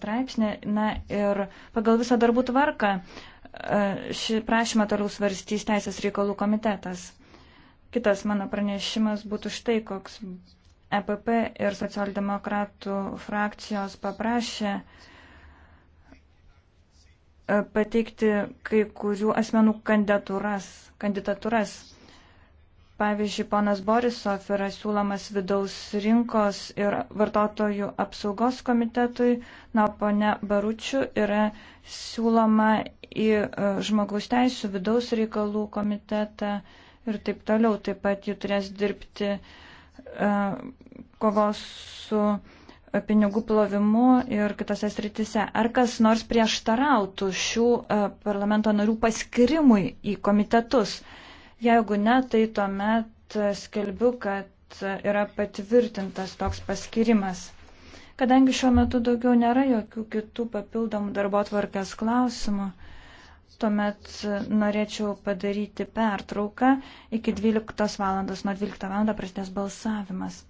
straipsnį. Na ir pagal visą darbų tvarką e, šį prašymą toliau svarstys Teisės reikalų komitetas. Kitas mano pranešimas būtų štai koks. EPP ir socialdemokratų frakcijos paprašė e, pateikti kai kurių asmenų kandidatūras. kandidatūras. Pavyzdžiui, ponas Borisov yra siūlomas vidaus rinkos ir vartotojų apsaugos komitetui, na, ponė Baručių yra siūloma į e, žmogaus teisų vidaus reikalų komitetą ir taip toliau. Taip pat jų turės dirbti e, kovos su e, pinigų plovimu ir kitose sritise. Ar kas nors prieštarautų šių parlamento narių paskirimui į komitetus? Jeigu ne, tai tuomet skelbiu, kad yra patvirtintas toks paskirimas. Kadangi šiuo metu daugiau nėra jokių kitų papildomų darbo tvarkės klausimų, tuomet norėčiau padaryti pertrauką iki 12 val. Nuo 12 val. prasidės balsavimas.